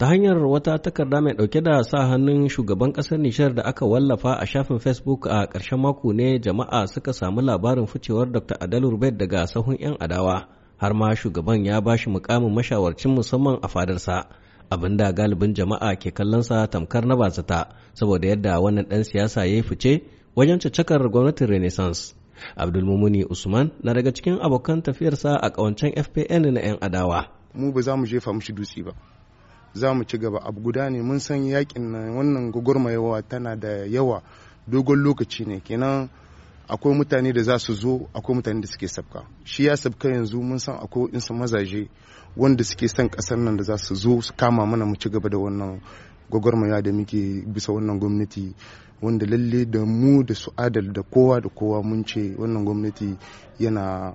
ta hanyar wata takarda mai dauke da sa hannun shugaban kasar Nishar da aka wallafa a shafin Facebook a karshen mako ne jama'a suka samu labarin ficewar Dr. Adalu Rubet daga sahun 'yan adawa har ma shugaban ya ba shi mukamin mashawarcin musamman a fadarsa abin da galibin jama'a ke kallonsa tamkar na bazata saboda yadda wannan ɗan siyasa ya yi fice wajen caccakar gwamnatin Renaissance. Abdulmumuni Usman na daga cikin abokan tafiyarsa a kawancen FPN na 'yan adawa. Mu ba za mu jefa mushi dutse ba. za mu ci gaba abu guda ne mun san yakin nan wannan gwagwarmayawa tana da yawa dogon lokaci ne kenan akwai mutane da za su zo akwai mutane da suke sabka shi ya sabka yanzu mun san akwai insu mazaje wanda suke son kasar nan da za su zo su kama mana mu ci gaba da wannan gwagwarmaya da muke bisa wannan gwamnati wanda lalle da mu da su adal da kowa da kowa mun ce wannan gwamnati yana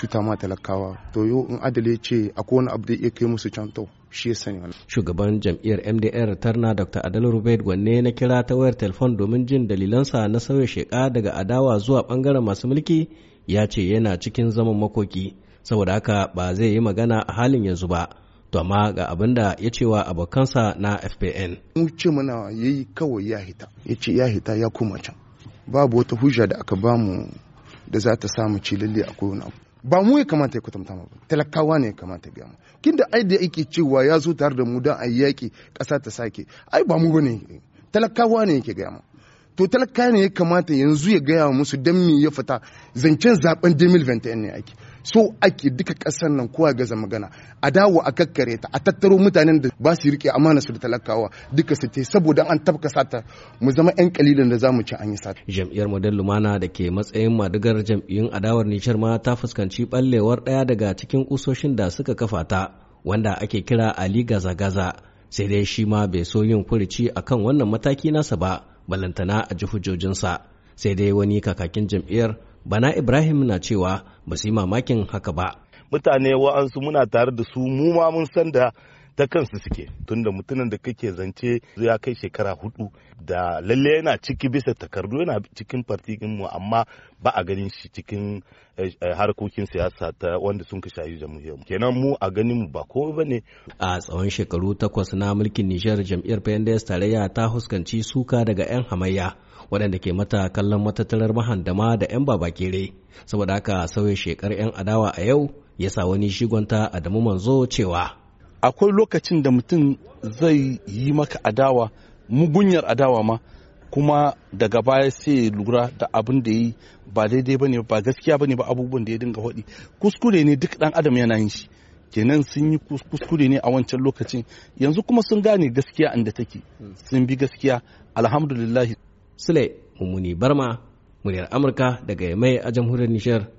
cuta ma talakawa to yau in adale ce akwai wani abu da ya kai musu can to shi ya sani wani. Shugaban jam'iyyar MDR Tarna Dr. Adal Rubaid gwanne na kira ta wayar telefon domin jin dalilansa na sauya sheka daga adawa zuwa bangaren masu mulki ya ce yana cikin zaman makoki saboda haka ba zai yi magana a halin yanzu ba. To amma ga abin da ya cewa abokansa na FPN. Mun ce mana ya yi kawai ya hita, ya ce ya hita ya koma can. Babu wata hujja da aka bamu da za ta samu ci lalle a wani abu. ba mu ya kamata ya kwatanta mu talakawa ne ya kamata ya mu kin da ai da yake cewa ya zo tare da mu dan a yaƙi ƙasa ta sake ai ba mu bane talakawa ne yake gaya mu to talakawa ne ya kamata yanzu ya gaya musu don me ya fita zancen zaben 2021 ne ake so ake duka ƙasar nan kowa gaza magana a dawo a kakkare ta a tattaro mutanen da ba su rike amana su da talakawa duka su te saboda an tafka sata mu zama yan kalilan da mu ci an yi sata jam'iyyar model lumana da ke matsayin madigar jam'iyyun adawar nishar ma ta fuskanci ballewar daya daga cikin kusoshin da suka kafa ta wanda ake kira ali gaza gaza sai dai shi ma bai so yin furici akan wannan mataki nasa ba balantana a ji hujjojinsa sai dai wani kakakin jam'iyyar Bana Ibrahim na cewa ba su yi mamakin haka ba. Mutane wa'ansu muna tare da su mu ma mun san da ta kansu suke tunda mutumin da kake zance ya kai shekara hudu da lalle yana ciki bisa takardu yana cikin fartikin mu amma ba a ganin shi cikin eh, harkokin siyasa ta wanda sun kashe shayi jam'iyyar kenan mu a ganin mu ba komai ba ne a tsawon shekaru takwas na mulkin nijar jam'iyyar pnds tarayya ta huskanci suka daga 'yan hamayya waɗanda ke mata kallon matattarar mahandama da 'yan babakere saboda haka sauya shekar 'yan adawa a yau ya sa wani shigonta adamu manzo cewa akwai lokacin da mutum zai yi maka adawa mugunyar adawa ma kuma daga baya sai ya lura da abin da yi ba daidai ba ne ba gaskiya ba ne ba abubuwan da ya dinga hodi kuskure ne duk dan adam yana yin shi kenan sun yi kuskure ne a wancan lokacin yanzu kuma sun gane gaskiya inda take sun bi gaskiya alhamdulillah sule mummuni barma muryar amurka daga mai a jamhuriyar nishar